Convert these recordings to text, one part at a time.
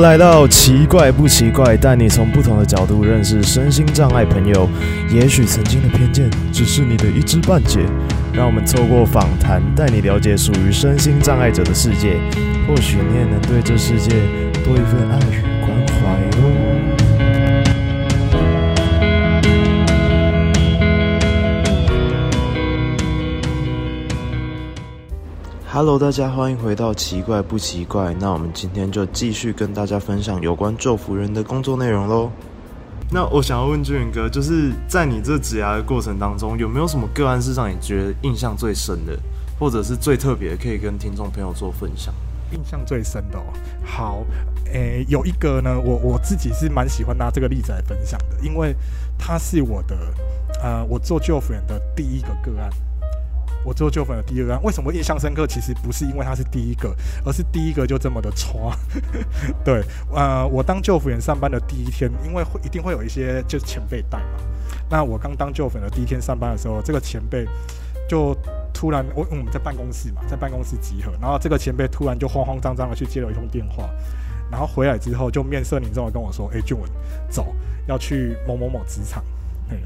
來到奇怪不奇怪？帶你從不同的角度認識身心障礙朋友。也許曾經的偏見只是你的一知半解。讓我們透過訪談，帶你了解屬於身心障礙者的世界。或許你也能對這世界多一份愛與。Hello，大家歡迎回到奇怪不歧怪。那我們今天就繼續跟大家分享有關就服員的工作內容嘍。那我想要問俊彣哥，就是在你這職涯的過程當中，有沒有什麼個案是讓你覺得印象最深的，或者是最特別，可以跟聽眾朋友做分享？印象最深的哦，好，誒，有一個呢，我我自己是蠻喜歡拿這個例子來分享的，因為他是我的，呃，我做就服員的第一個個案。我做就服的第一個，為什麼印象深刻？其實不是因為他是第一個，而是第一個就這麼的闖。對，呃，我當就服員上班的第一天，因為會一定會有一些就前輩帶嘛。那我剛當就服的第一天上班的時候，這個前輩就突然，我我們在辦公室嘛，在辦公室集合，然後這個前輩突然就慌慌張張的去接了一通電話，然後回來之後就面色凝重的跟我說：“哎，俊彣，走，要去某某某職場。”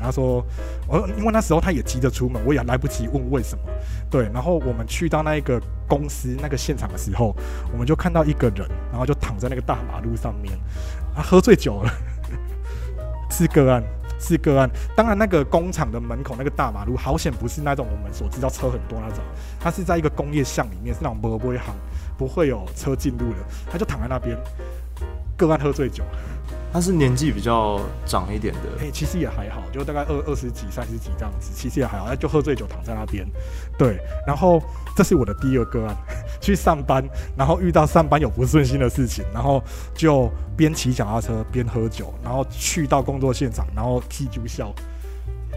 他說：“我因為那時候他也急着出門，我也來不及問為什麼。對，然後我們去到那個公司那個現場的時候，我們就看到一個人，然後就躺在那個大馬路上面，他、啊、喝醉酒了， 是個案，是個案。當然，那個工廠的門口那個大馬路好險，不是那種我們所知道車很多那種，它是在一個工業巷裡面，是那種不會行、不會有車進入的，他就躺在那邊，個案喝醉酒。”他是年紀比較長一點的，哎、欸，其實也還好，就大概二二十幾、三十幾這樣子，其實也還好。就喝醉酒躺在那邊，對。然後這是我的第二個個案，去上班，然後遇到上班有不順心的事情，然後就邊騎腳踏車邊喝酒，然後去到工作現場，然後踢足笑。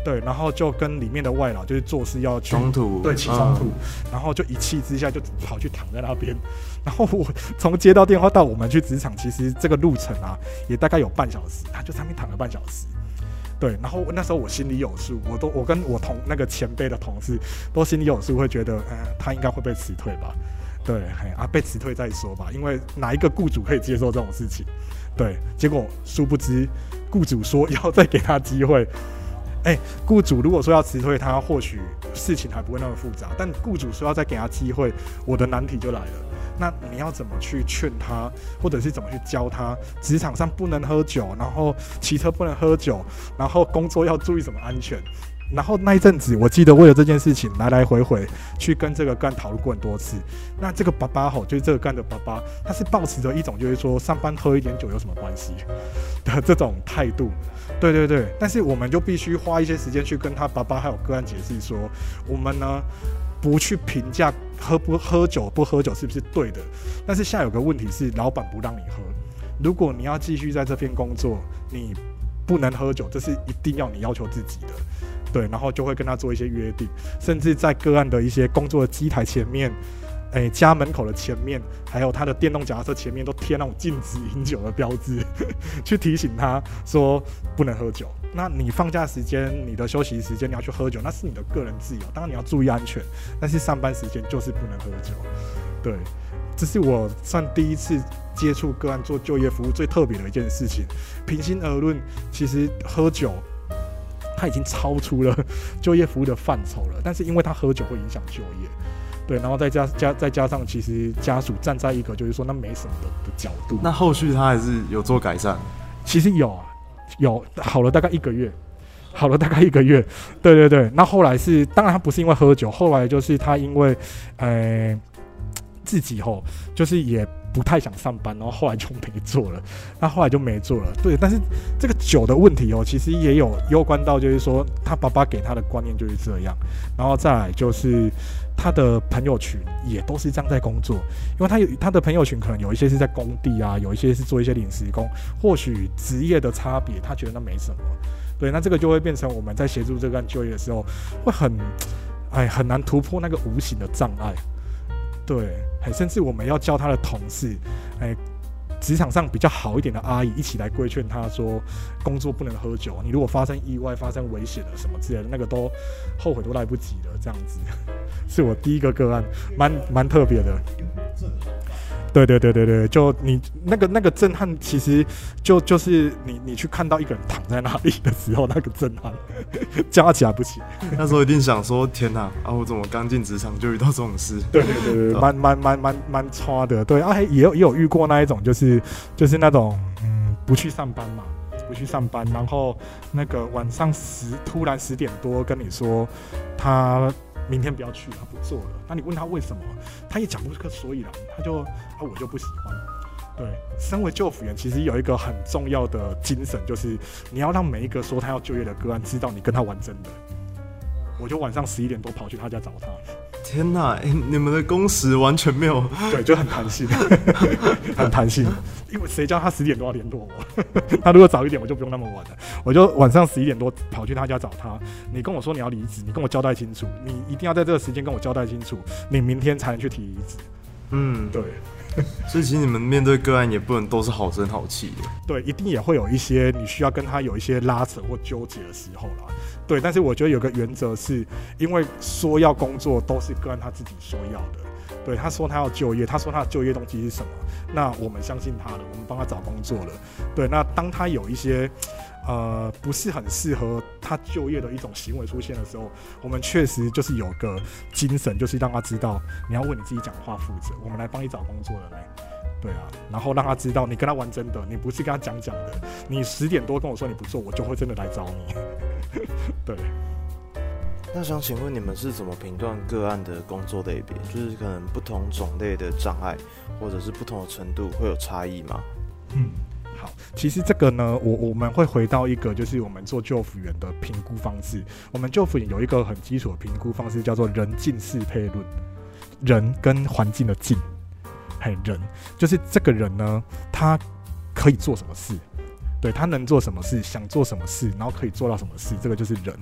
對，然後就跟裡面的外勞就是做事要去對，起衝突、嗯，然後就一氣之下就跑去躺在那邊。然後我從接到電話到我們去職場，其實這個路程啊也大概有半小時，他就上面躺了半小時。對，然後那時候我心裡有數，我都我跟我同那個前輩的同事都心裡有數，會覺得，嗯，他應該會被辭退吧？對，嗯，啊，被辭退再說吧，因為哪一個雇主可以接受這種事情？對，結果殊不知，雇主說要再給他機會，哎，雇主如果說要辭退他，或許事情還不會那麼複雜，但雇主說要再給他機會，我的難題就來了。那你要怎麼去勸他，或者是怎麼去教他？職場上不能喝酒，然後騎車不能喝酒，然後工作要注意什麼安全？然後那一陣子，我記得為了這件事情來來回回去跟這個干討論過很多次。那這個爸爸吼，就是這個干的爸爸，他是抱持著一種就是說上班喝一點酒有什麼關係的這種態度。對對對，但是我們就必須花一些時間去跟他爸爸還有個案解釋說，我們呢，不去評價喝不喝酒、不喝酒是不是對的，但是現在有個問題是，老闆不讓你喝。如果你要繼續在這邊工作，你不能喝酒，這是一定要你要求自己的，對。然後就會跟他做一些約定，甚至在個案的一些工作的機台前面，誒、哎，家門口的前面，還有他的電動腳踏車前面都貼那種禁止飲酒的標誌，去提醒他說不能喝酒。那你放假時間，你的休息時間你要去喝酒，那是你的個人自由，當然你要注意安全。但是上班時間就是不能喝酒。對，這是我算第一次接觸個案做就業服務最特別的一件事情。平心而論，其實喝酒他已經超出了就業服務的範疇了，但是因為他喝酒會影響就業。對，然後再加加再加上，其實家屬站在一個就是說那沒什麼的，的角度。那後續他還是有做改善，其實有啊，有好了大概一個月，好了大概一個月，對對對。那後來是，當然他不是因為喝酒，後來就是他因為，呃，自己吼，就是也。不太想上班，然後後來就沒做了。那後，後來就沒做了。對，但是這個酒的問題哦，其實也有攸關到，就是說他爸爸給他的觀念就是這樣。然後再來就是他的朋友群也都是這樣在工作，因為他有他的朋友群，可能有一些是在工地啊，有一些是做一些臨時工。或許職業的差別，他覺得那沒什麼。對，那這個就會變成我們在協助這個案就業的時候，會很哎很難突破那個無形的障礙。對，甚至我們要叫他的同事誒，職場上比較好一點的阿姨一起來規勸他說，工作不能喝酒，你如果發生意外，發生危險了什麼之類的，那個都後悔都來不及了。這樣子，是我第一個個案，蠻蠻特別的。對對對對對，就，你那個那個震撼，其實就就是你你去看到一個人躺在那裡的時候，那個震撼，叫起來不起，那時候一定想說天哪啊，啊！我怎麼剛進職場就遇到這種事？對對對對， 對蠻蠻蠻蠻差的。對，阿、啊、黑也有也有遇過那一種，就是就是那種嗯，不去上班嘛，不去上班，然後那個晚上十突然十點多跟你說他。明天不要去了，他不做了。那你問他為什麼，他也講不出個所以然。他就啊，他我就不喜歡。對，身為就服員，其實有一個很重要的精神，就是你要讓每一個說他要就業的個案知道，你跟他玩真的。我就晚上十一點多跑去他家找他。天哪，欸，你們的工時完全沒有對，就很彈性， 很彈性。因為誰叫他十點多要聯絡我？ 他如果早一點，我就不用那麼晚了。我就晚上十一點多跑去他家找他。你跟我說你要離職，你跟我交代清楚，你一定要在這個時間跟我交代清楚，你明天才能去提離職。嗯，對。所以其實你們面對個案也不能都是好聲好氣的，對，一定也會有一些你需要跟他有一些拉扯或糾結的時候啦，對。但是我覺得有個原則是，因為說要工作都是個案他自己說要的，對，他說他要就業，他說他的就業動機是什麼，那我們相信他了，我們幫他找工作了，對。那當他有一些。呃，不是很適合他就業的一種行為出現的時候，我們確實就是有個精神，就是讓他知道你要為你自己講的話負責。我們來幫你找工作了嘞，對啊，然後讓他知道你跟他玩真的，你不是跟他講講的。你十點多跟我說你不做，我就會真的來找你。 對。那想請問你們是怎麼評斷個案的工作類別？就是可能不同種類的障礙，或者是不同的程度會有差異嗎？嗯。好，其實這個呢，我我們會回到一個，就是我們做就服員的評估方式。我們就服有一個很基礎的評估方式，叫做人境適配論。人跟環境的境，還有人，就是這個人呢，他可以做什麼事，對，他能做什麼事，想做什麼事，然後可以做到什麼事，這個就是人。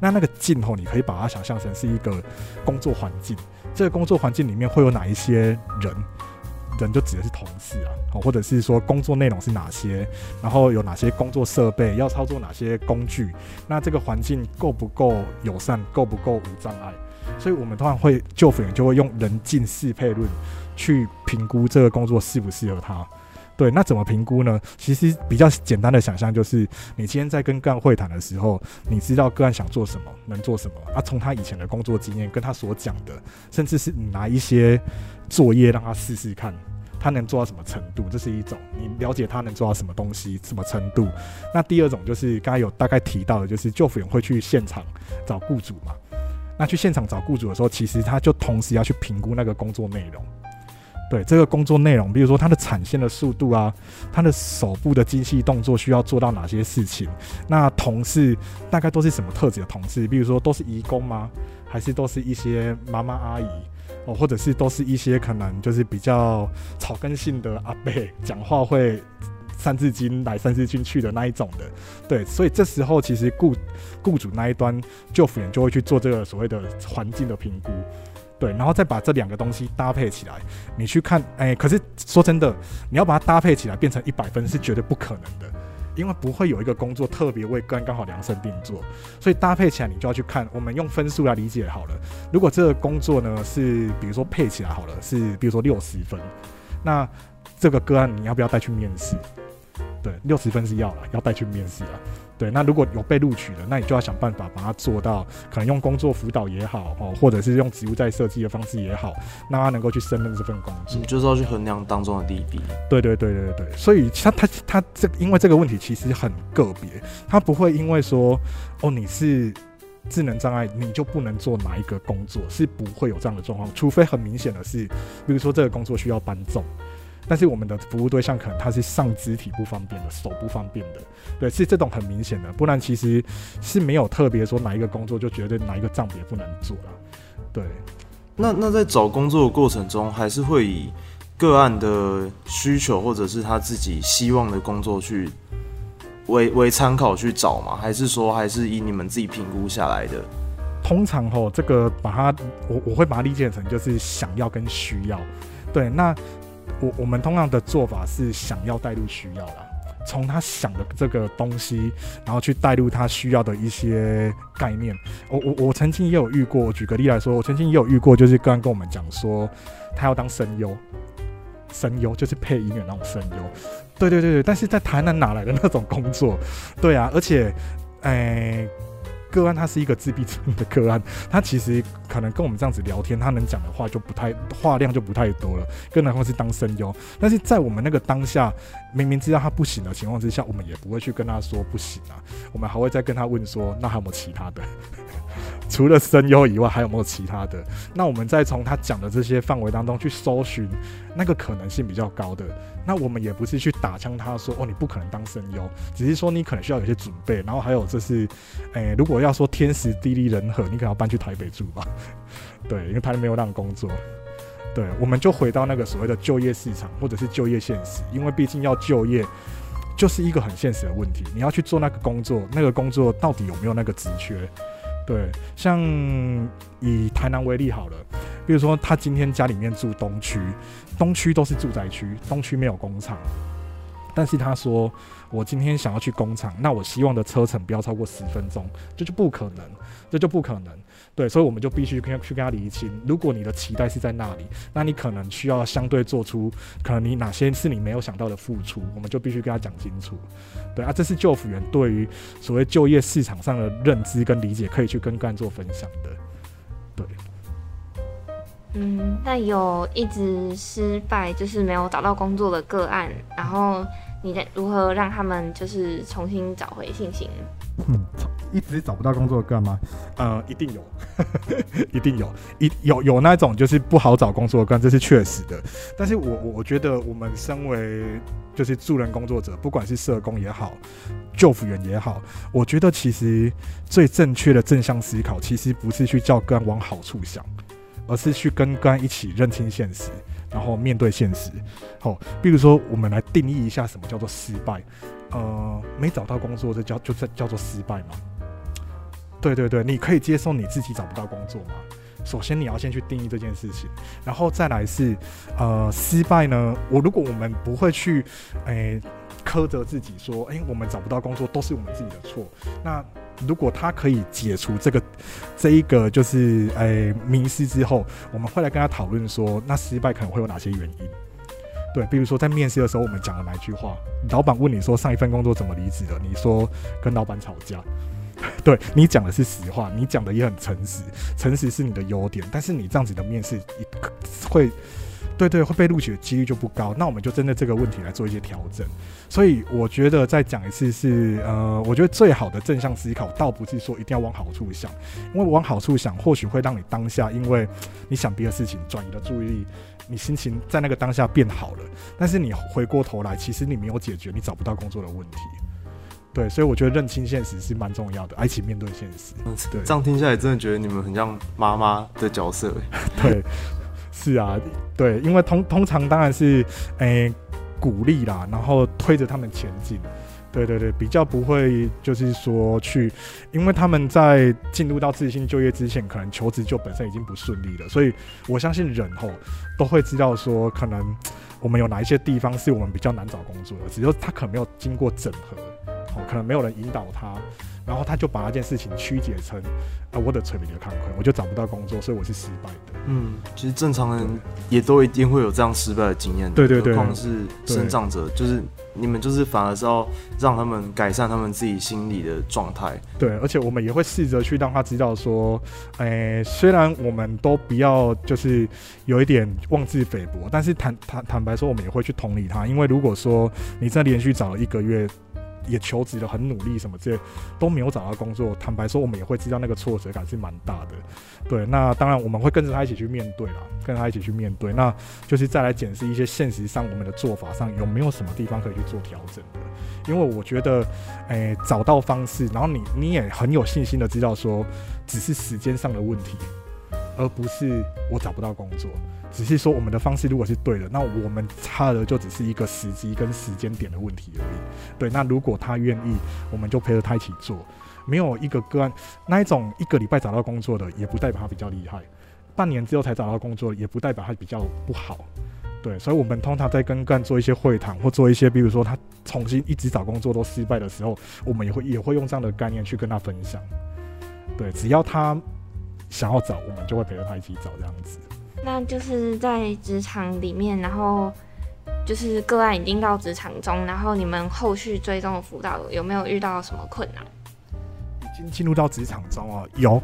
那那個境齁、哦，你可以把它想象成是一個工作環境，這個工作環境裡面會有哪一些人？人就指的是同事啊，好，或者是說工作內容是哪些，然後有哪些工作設備，要操作哪些工具，那這個環境夠不夠友善，夠不夠無障礙，所以我們通常會就服員就會用人境適配論去評估這個工作適不適合他。對，那怎麼評估呢？其實比較簡單的想象就是，你今天在跟個案會談的時候，你知道個案想做什麼，能做什麼啊？從他以前的工作經驗，跟他所講的，甚至是你拿一些作業讓他試試看，他能做到什麼程度，這是一種你了解他能做到什麼東西、什麼程度。那第二種就是剛才有大概提到的，就是就服員會去現場找雇主嘛。那去現場找雇主的時候，其實他就同時要去評估那個工作內容。對，這個工作內容，比如說它的產線的速度啊，它的手部的精細動作需要做到哪些事情？那同事大概都是什麼特質的同事？比如說都是移工嗎？還是都是一些媽媽阿姨？哦，或者是都是一些可能就是比較草根性的阿伯講話會三字經來三字經去的那一種的？對，所以這時候其實雇雇主那一端就服員就會去做這個所謂的環境的評估。對，然後再把這兩個東西搭配起來，你去看，哎，可是說真的，你要把它搭配起來變成一百分是絕對不可能的，因為不會有一個工作特別為個案剛好量身定做，所以搭配起來你就要去看，我們用分數來理解好了，如果這個工作呢是比如說配起來好了是比如說六十分，那這個個案你要不要帶去面試？對，六十分是要了，要帶去面試了。對，那如果有被錄取的，那你就要想辦法把它做到，可能用工作輔導也好，哦，或者是用職務再設計的方式也好，讓他能夠去勝任這份工作。你就是要去衡量當中的利弊。對對對對對對，所以他他他，他這，因為這個問題其實很個別，他不會因為說哦你是智能障礙，你就不能做哪一個工作，是不會有這樣的狀況，除非很明顯的是，比如說這個工作需要搬重。但是我們的服務對象可能他是上肢體不方便的，手不方便的，對，是這種很明顯的，不然其實是沒有特別說哪一個工作就絕對哪一個障別不能做了啊，對。那那在找工作的過程中，還是會以個案的需求或者是他自己希望的工作去為為參考去找嗎？還是說還是以你們自己評估下來的？通常哦，這個把它我我會把它理解成就是想要跟需要，對，那。我我們通常的做法是想要帶入需要啦，從他想的這個東西，然後去帶入他需要的一些概念。我我我曾經也有遇過，舉個例來說，我曾經也有遇過，就是剛剛跟我們講說，他要當聲優，聲優就是配音員那種聲優，對對對對，但是在台南哪來的那種工作？對啊，而且，哎。個案他是一個自閉症的個案，他其實可能跟我們這樣子聊天，他能講的話就不太話量就不太多了，更何況是當聲優。但是在我們那個當下，明明知道他不行的情況之下，我們也不會去跟他說不行啊，我們還會再跟他問說，那還有沒有其他的？除了聲優以外，還有沒有其他的？那我們再從他講的這些範圍當中去搜尋那個可能性比較高的。那我們也不是去打槍，他說：“哦，你不可能當聲優。”只是說你可能需要有些準備。然後還有就是，誒、欸，如果要說天時地利人和，你可能要搬去台北住吧。對，因為他沒有那工作。對，我們就回到那個所謂的就業市場，或者是就業現實，因為畢竟要就業，就是一個很現實的問題。你要去做那個工作，那個工作到底有沒有那個職缺？對，像以台南為例好了，比如說他今天家裡面住東區，東區都是住宅區，東區沒有工廠，但是他說我今天想要去工廠，那我希望的車程不要超過十分鐘，這就不可能，這就不可能。對，所以我們就必須跟去跟他釐清。如果你的期待是在那裡，那你可能需要相對做出可能你哪些是你沒有想到的付出，我們就必須跟他講清楚。對啊，這是就服員對於所謂就業市場上的認知跟理解，可以去跟個案做分享的。對。嗯，但有一直失敗，就是沒有找到工作的個案，然後你該如何讓他們就是重新找回信心？嗯一直找不到工作的個案嗎？呃，一定有，呵呵一定有，一有有那種就是不好找工作的個案，這是確實的。但是我我覺得，我們身為就是助人工作者，不管是社工也好，就服員也好，我覺得其實最正確的正向思考，其實不是去叫個案往好處想，而是去跟個案一起認清現實，然後面對現實。好，比如說我們來定義一下什麼叫做失敗。呃，沒找到工作這叫，就是叫做失敗嘛。對對對，你可以接受你自己找不到工作嗎？首先你要先去定義這件事情，然後再來是，呃，失敗呢？我如果我們不會去，誒，苛責自己說，哎，我們找不到工作都是我們自己的錯。那如果他可以解除這個這一個就是誒迷思之後，我們會來跟他討論說，那失敗可能會有哪些原因？對，比如說在面試的時候我們講了哪一句話？老闆問你說上一份工作怎麼離職的？你說跟老闆吵架。 對，你講的是實話，你講的也很誠實，誠實是你的優點，但是你這樣子的面試會，對對，會被錄取的幾率就不高。那我們就針對這個問題來做一些調整。所以我覺得再講一次是，呃，我覺得最好的正向思考，倒不是說一定要往好處想，因為往好處想，或許會讓你當下因為你想別的事情，轉移了注意力，你心情在那個當下變好了，但是你回過頭來，其實你沒有解決你找不到工作的問題。對，所以我覺得認清現實是蠻重要的，愛情面對現實。對，嗯、這樣聽下來，真的覺得你們很像媽媽的角色、欸。 對，是啊，對，因為通通常當然是誒、欸、鼓勵啦，然後推着他們前進。對對對，比較不會就是說去，因為他們在進入到自信就業之前，可能求職就本身已經不順利了。所以我相信人吼都會知道說，可能我們有哪一些地方是我們比較難找工作的，只是他可能沒有經過整合。可能沒有人引導他，然後他就把那件事情曲解成啊、呃，我的特比較坎坷，我就找不到工作，所以我是失敗的。嗯，其實正常人也都一定會有這樣失敗的經驗，對對對，可能是身障者，就是你們就是反而是要讓他們改善他們自己心理的狀態。對，而且我們也會試着去讓他知道說，誒、欸，雖然我們都不要就是有一點妄自菲薄，但是坦坦坦白說，我們也會去同理他，因為如果說你真的連續找了一個月。也求職了很努力什麼這都沒有找到工作。坦白說，我們也會知道那個挫折感是蠻大的。對，那當然我們會跟着他一起去面對啦，跟他一起去面對。那就是再來檢視一些現實上我們的做法上有沒有什麼地方可以去做調整的。因為我覺得，誒、欸，找到方式，然後你你也很有信心的知道說，只是時間上的問題。而不是我找不到工作，只是說我們的方式如果是對的，那我們差的就只是一個時機跟時間點的問題而已。對，那如果他願意，我們就陪着他一起做。沒有一個個案，那一種一個禮拜找到工作的，也不代表他比較厲害；半年之後才找到工作，也不代表他比較不好。對，所以我們通常在跟個案做一些會談，或做一些比如說他重新一直找工作都失敗的時候，我們也會也會用這樣的概念去跟他分享。對，只要他。想要找，我們就會陪着他一起找這樣子。那就是在職場裡面，然後就是個案已經到職場中，然後你們後續追蹤輔導有沒有遇到什麼困難？進進入到職場中啊，有，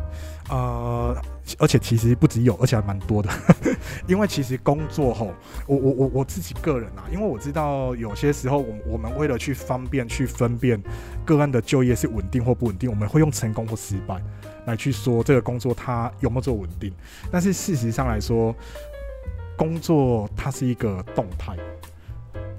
呃，而且其實不只有，而且還蠻多的呵呵，因為其實工作齁，我我我我自己個人啊，因為我知道有些時候，我我們為了去方便去分辨個案的就業是穩定或不穩定，我們會用成功或失敗來去說這個工作它有沒有做穩定，但是事實上來說，工作它是一個動態。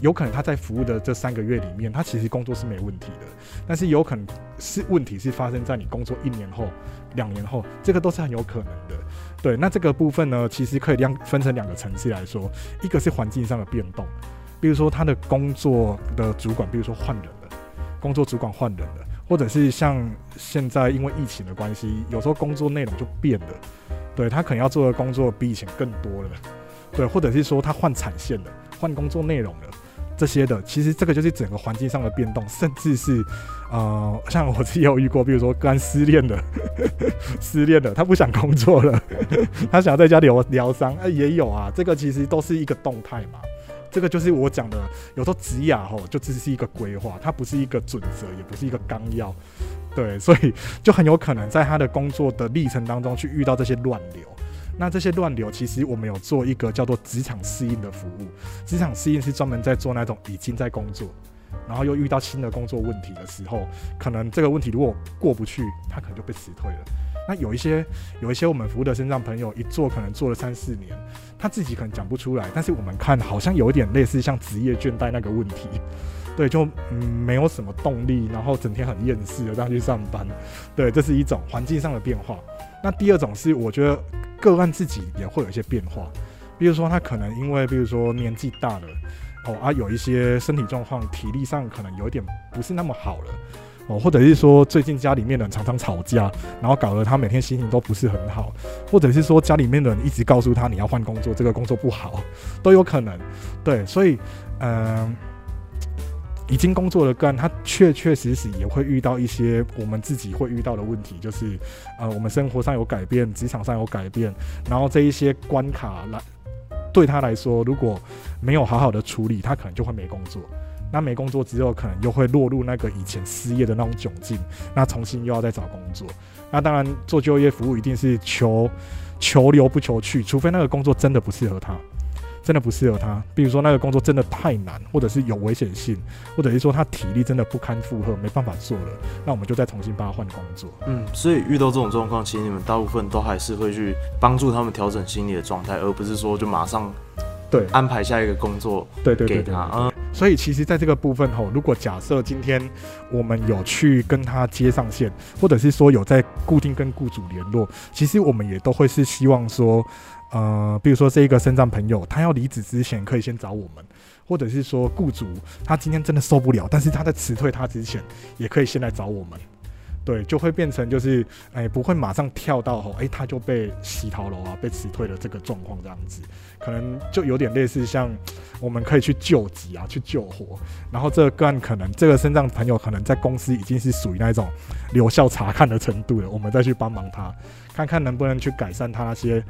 有可能他在服務的這三個月裡面，他其實工作是沒問題的，但是有可能是問題是發生在你工作一年後、兩年後，這個都是很有可能的。對，那這個部分呢，其實可以量分成兩個層次來說，一個是環境上的變動，比如說他的工作的主管，比如說換人了，工作主管換人了，或者是像現在因為疫情的關係，有時候工作內容就變了，對，他可能要做的工作比以前更多了，對，或者是說他換產線了，換工作內容了。這些的，其實這個就是整個環境上的變動，甚至是，呃，像我自己有遇過，比如說剛失戀的，失戀的，他不想工作了，呵呵，他想要在家裡療療傷，哎，也有啊，這個其實都是一個動態嘛，這個就是我講的，有時候職涯吼，就只是一個規劃，它不是一個準則，也不是一個綱要，對，所以就很有可能在他的工作的歷程當中去遇到這些亂流。那這些亂流，其實我們有做一個叫做職場適應的服務。職場適應是專門在做那種已經在工作，然後又遇到新的工作問題的時候，可能這個問題如果過不去，他可能就被辭退了。那有一些有一些我們服務的身障朋友，一做可能做了三四年，他自己可能講不出來，但是我們看好像有一點類似像職業倦怠那個問題，對，就沒有什麼動力，然後整天很厭世的這樣去上班，對，這是一種環境上的變化。那第二種是我覺得。個案自己也會有一些變化，比如說他可能因為，比如說年紀大了，哦啊，有一些身體狀況，體力上可能有一點不是那麼好了，哦，或者是說最近家裡面人常常吵架，然後搞得他每天心情都不是很好，或者是說家裡面人一直告訴他，你要換工作，這個工作不好，都有可能。對，所以，嗯。已經工作的幹，他確確實實也會遇到一些我們自己會遇到的問題。就是，呃，我們生活上有改變，職場上有改變，然後這一些關卡來對他來說，如果沒有好好的處理，他可能就會沒工作。那沒工作之後，可能又會落入那個以前失業的那種窘境，那重新又要再找工作。那當然，做就業服務一定是求求留不求去，除非那個工作真的不適合他。真的不適合他，比如說那個工作真的太難，或者是有危險性，或者是說他體力真的不堪負荷，沒辦法做了，那我們就再重新幫他換工作。嗯，所以遇到這種狀況，其實你們大部分都還是會去幫助他們調整心理的狀態，而不是說就馬上對安排下一個工作給他。對對對，對，啊對對對對，嗯。所以其實在這個部分吼，如果假設今天我們有去跟他接上線，或者是說有在固定跟雇主聯絡，其實我們也都會是希望說。呃，比如說這個身障朋友，他要離職之前，可以先找我們；或者是說雇主，他今天真的受不了，但是他在辭退他之前，也可以先來找我們。對，就會變成就是，哎、欸，不會馬上跳到吼，哎、欸，他就被洗逃了啊，被辭退了這個狀況這樣子，可能就有點類似像，我們可以去救急啊，去救火。然後這個個案可能，這個身障朋友可能在公司已經是屬於那種留校查看的程度了，我們再去幫忙他，看看能不能去改善他那些，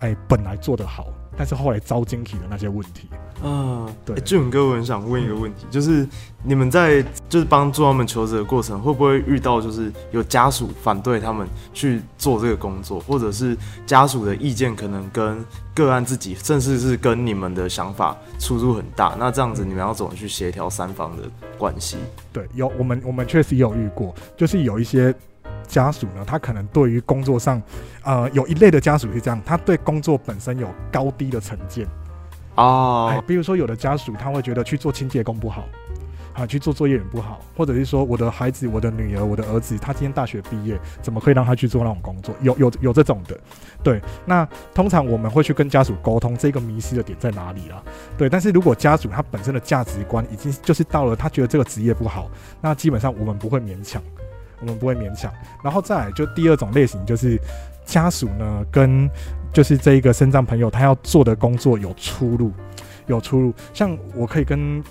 哎，本來做得好，但是後來遭驚喜的那些問題。嗯、呃，對，俊哥，我很想問一個問題、嗯，就是你們在就是幫助他們求職的過程，會不會遇到就是有家屬反對他們去做這個工作，或者是家屬的意見可能跟個案自己，甚至是跟你們的想法出入很大？那這樣子，你們要怎麼去協調三方的關係？對，有，我們我們確實有遇過，就是有一些。家屬呢，他可能對於工作上，呃，有一類的家屬是這樣，他對工作本身有高低的成見啊、oh. 哎。比如說，有的家屬他會覺得去做清潔工不好，啊，去做作業員不好，或者是說我的孩子、我的女兒、我的兒子，他今天大學畢業，怎麼可以讓他去做那種工作？有有有這種的，對。那通常我們會去跟家屬溝通，這個迷思的點在哪裡啊。對。但是如果家屬他本身的價值觀已經就是到了，他覺得這個職業不好，那基本上我們不會勉強。我們不會勉強，然後再來就第二種類型，就是家屬呢，跟就是這一個身障朋友他要做的工作有出入，有出入。像我可以跟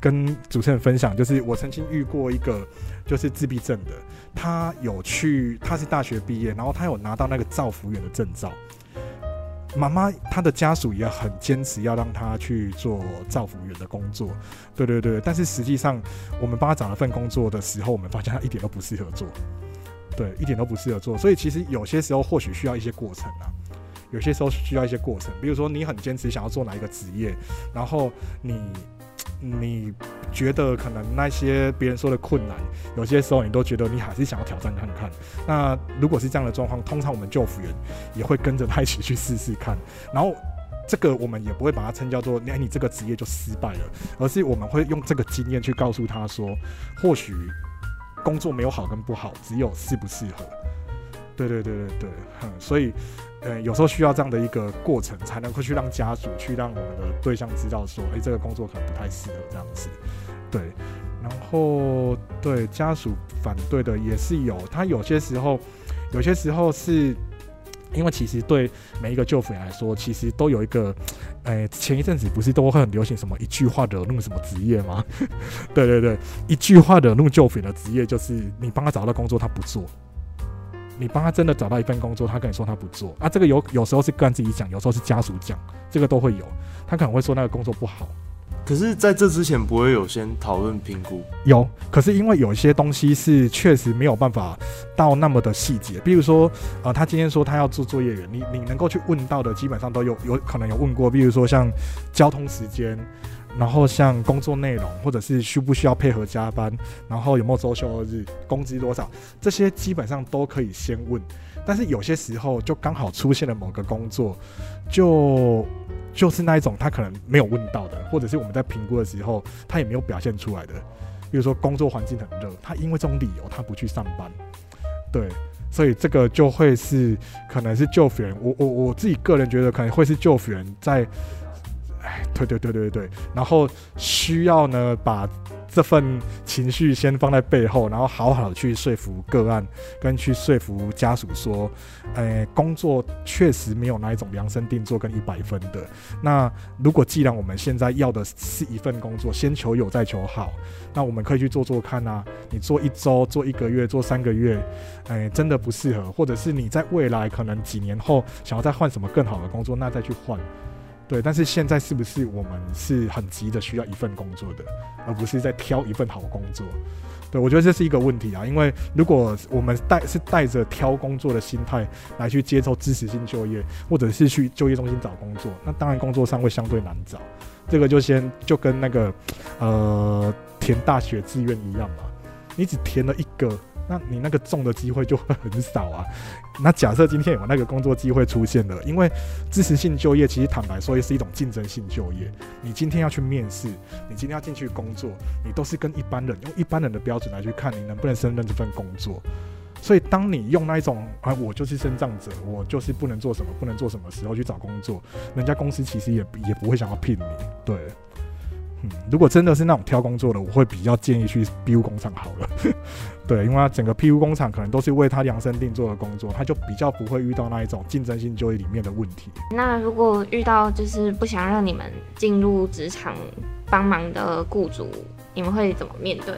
跟主持人分享，就是我曾經遇過一個就是自閉症的，他有去，他是大學畢業，然後他有拿到那個照服員的證照。媽媽，她的家屬也很堅持要讓她去做照服員的工作，對對對。但是實際上，我們幫他找了份工作的時候，我們發現他一點都不適合做，對，一點都不適合做。所以其實有些時候或許需要一些過程啊，有些時候需要一些過程。比如說，你很堅持想要做哪一個職業，然後你。你覺得可能那些別人說的困難，有些時候你都覺得你還是想要挑戰看看。那如果是這樣的狀況，通常我們就服員也會跟着他一起去試試看。然後這個我們也不會把它稱叫做“哎，你這個職業就失敗了”，而是我們會用這個經驗去告訴他說，或許工作沒有好跟不好，只有適不適合。對對對對對，嗯、所以呃有時候需要這樣的一個過程，才能夠去讓家屬去讓我們的對象知道說，誒、欸，這個工作可能不太適合這樣子。對，然後對家屬反對的也是有，他有些時候有些時候是因為其實對每一個就服來說，其實都有一個，呃、前一陣子不是都會很流行什麼一句話惹怒什麼職業嗎？ 對對對，一句話惹怒就服的職業就是你幫他找到工作，他不做。你幫他真的找到一份工作，他跟你說他不做啊。這個有有時候是個案自己講，有時候是家屬講，這個都會有。他可能會說那個工作不好，可是在這之前不會有先討論評估。有，可是因為有些東西是確實沒有辦法到那麼的細節，比如說，呃，他今天說他要做作業員，你你能夠去問到的基本上都有，有可能有問過，比如說像交通時間。然後像工作內容，或者是需不需要配合加班，然後有沒有周休日，工資多少，這些基本上都可以先問。但是有些時候就剛好出現了某個工作，就就是那一種他可能沒有問到的，或者是我們在評估的時候他也沒有表現出來的。比如說工作環境很熱，他因為這種理由他不去上班，對，所以這個就會是可能是就服員。我我我自己個人覺得可能會是就服員在。對對對對對對，然後需要呢把這份情緒先放在背後，然後好好去說服個案，跟去說服家屬說，誒、呃，工作確實沒有那一種量身定做跟一百分的。那如果既然我們現在要的是一份工作，先求有再求好，那我們可以去做做看啊。你做一周、做一個月、做三個月，誒、呃，真的不適合，或者是你在未來可能幾年後想要再換什麼更好的工作，那再去換。對，但是現在是不是我們是很急的需要一份工作的，而不是在挑一份好工作？對，我覺得這是一個問題啊，因為如果我們是帶是帶着挑工作的心態來去接受支持性就業，或者是去就業中心找工作，那當然工作上會相對難找。這個就先就跟那個呃填大學志願一樣嘛，你只填了一個。那你那個中的機會就會很少啊。那假設今天有那個工作機會出現了，因為支持性就業其實坦白說也是一種競爭性就業。你今天要去面試，你今天要進去工作，你都是跟一般人用一般人的標準來去看你能不能勝任這份工作。所以當你用那一種啊、哎，我就是身障者，我就是不能做什麼，不能做什麼時候去找工作，人家公司其實也也不會想要聘你，對。嗯，如果真的是那種挑工作的，我會比較建議去庇護工廠好了。對，因為他整個庇護工廠可能都是為他量身定做的工作，他就比較不會遇到那一種競爭性就業裡面的問題。那如果遇到就是不想讓你們進入職場幫忙的雇主，你們會怎麼面對？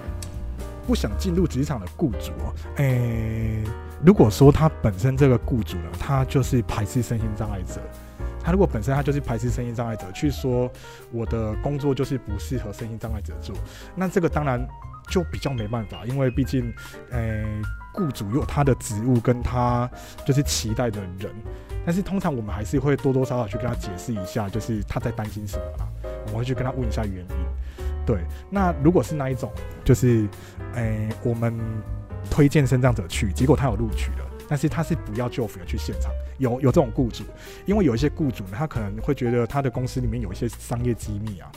不想進入職場的雇主，哦，誒、哎，如果說他本身這個雇主呢，他就是排斥身心障礙者，他如果本身他就是排斥身心障礙者，去說我的工作就是不適合身心障礙者做，那這個當然。就比較沒辦法，因為畢竟，誒、呃，僱主有他的職務跟他就是期待的人，但是通常我們還是會多多少少去跟他解釋一下，就是他在擔心什麼啦、啊，我們會去跟他問一下原因。對，那如果是那一種，就是誒、呃，我們推薦身障者去，結果他有錄取了，但是他是不要就服的去現場，有有這種僱主，因為有一些僱主呢，他可能會覺得他的公司裡面有一些商業機密啊。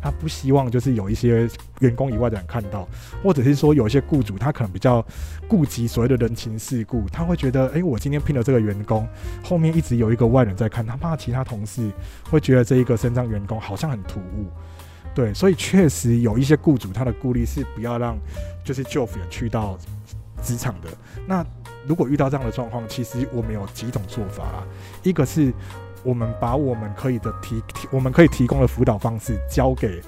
他不希望就是有一些員工以外的人看到，或者是說有一些雇主，他可能比較顧及所謂的人情世故，他會覺得，誒，我今天聘了這個員工，後面一直有一個外人在看，他怕其他同事會覺得這一個新進員工好像很突兀，對，所以確實有一些雇主他的顧慮是不要讓就是就服員去到職場的。那如果遇到這樣的狀況，其實我們有幾種做法啦，一個是。我們把我們可以的提提，我們可以提供的輔導方式交給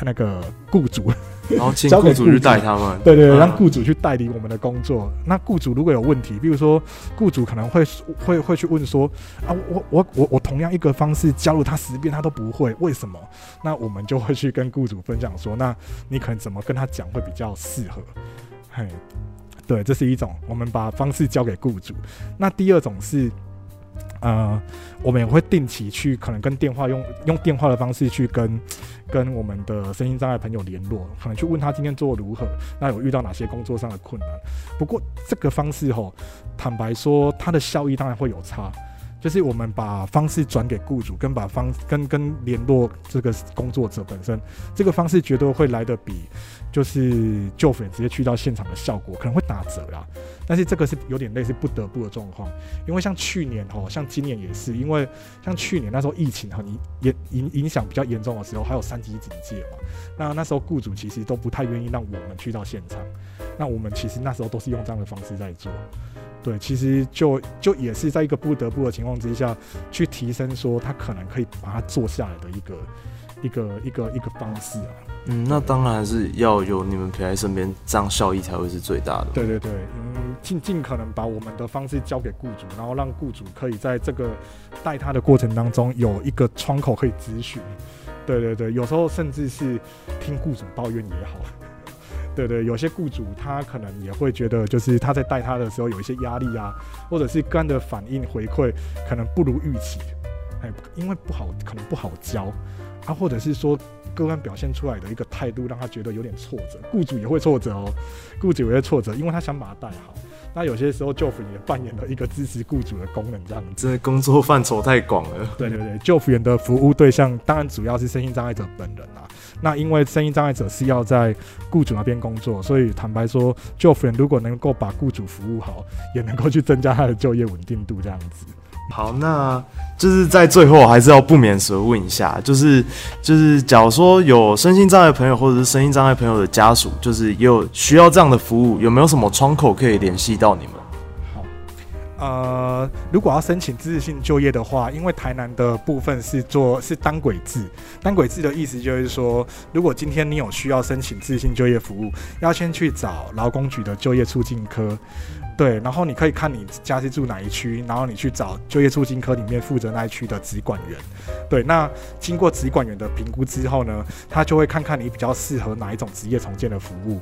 那個雇主，哦，然後交給雇主去帶他們。對對對，讓雇主去代理我們的工作。啊、那雇主如果有問題，比如說雇主可能會會會去問說啊，我我我我同樣一個方式教了他十遍他都不會，為什麼？那我們就會去跟雇主分享說，那你可能怎麼跟他講會比較適合？嘿，對，這是一種，我們把方式交給雇主。那第二種是。呃，我們也會定期去，可能跟電話用用電話的方式去跟跟我們的身心障礙朋友聯絡，可能去問他今天做的如何，那有遇到哪些工作上的困難。不過這個方式吼、哦，坦白說，它的效益當然會有差。就是我們把方式轉給雇主，跟把方跟跟聯絡這個工作者本身，這個方式絕對會來得比就是就服直接去到現場的效果可能會打折啦。但是這個是有點類似不得不的狀況，因為像去年哦、喔，像今年也是，因為像去年那時候疫情你也影影響比較嚴重的時候，還有三級警戒嘛，那那時候雇主其實都不太願意讓我們去到現場，那我們其實那時候都是用這樣的方式在做。對，其實就就也是在一個不得不的情況之下，去提升說他可能可以把它做下來的一個一個一個一個方式啊。嗯，那當然是要有你們陪在身邊，這樣效益才會是最大的。對對對，盡、嗯、盡可能把我們的方式交給雇主，然後讓雇主可以在這個帶他的過程當中有一個窗口可以諮詢。對對對，有時候甚至是聽雇主抱怨也好。對對，有些雇主他可能也會覺得，就是他在帶他的時候有一些壓力啊，或者是個人的反應回饋可能不如預期，因為不好，可能不好教啊，或者是說，各方表現出來的一個態度讓他覺得有點挫折，雇主也會挫折哦，雇主有些挫折，因為他想把他帶好，那有些時候，就服員也扮演了一個支持雇主的功能，這樣子。這工作範疇太廣了。對對對，就服員的服務對象當然主要是身心障礙者本人啦、啊。那因為身心障礙者是要在雇主那邊工作，所以坦白說，就服員如果能夠把雇主服務好，也能夠去增加他的就業穩定度，這樣子。好，那就是在最後還是要不免俗問一下，就是就是，假如說有身心障礙朋友或者是身心障礙朋友的家屬，就是有需要這樣的服務，有沒有什麼窗口可以聯繫到你們？呃，如果要申請支持性就業的話，因為台南的部分是做是單軌制，單軌制的意思就是說，如果今天你有需要申請支持性就業服務，要先去找勞工局的就業促進科。對，然後你可以看你家是住哪一區，然後你去找就業促進科裡面負責那一區的職管員。對，那經過職管員的評估之後呢，他就會看看你比較適合哪一種職業重建的服務。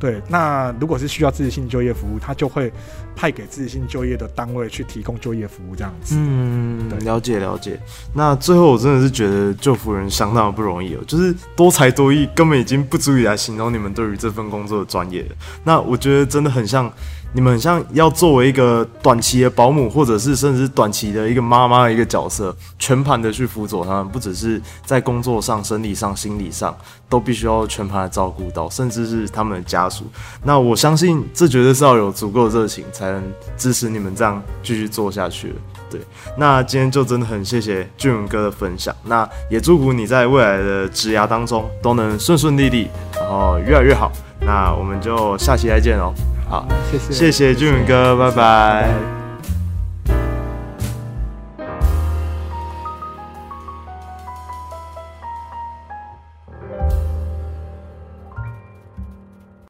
對，那如果是需要支持性就業服務，他就會派給支持性就業的單位去提供就業服務，這樣子。嗯，對。了解了解。那最後，我真的是覺得就服員相當的不容易哦，就是多才多藝，根本已經不足以來形容你們對於這份工作的專業。那我覺得真的很像。你們像要作為一個短期的保姆，或者是甚至短期的一個媽媽的一個角色，全盤的去輔佐他們，不只是在工作上、生理上、心理上，都必須要全盤的照顧到，甚至是他們的家屬。那我相信，這絕對是要有足夠的熱情才能支持你們這樣繼續做下去。對，那今天就真的很謝謝俊彣哥的分享，那也祝福你在未來的職涯當中都能順順利利，然後越來越好。那我們就下期再見哦。好，謝謝，謝謝俊彣哥，謝謝，拜拜。謝謝，拜拜。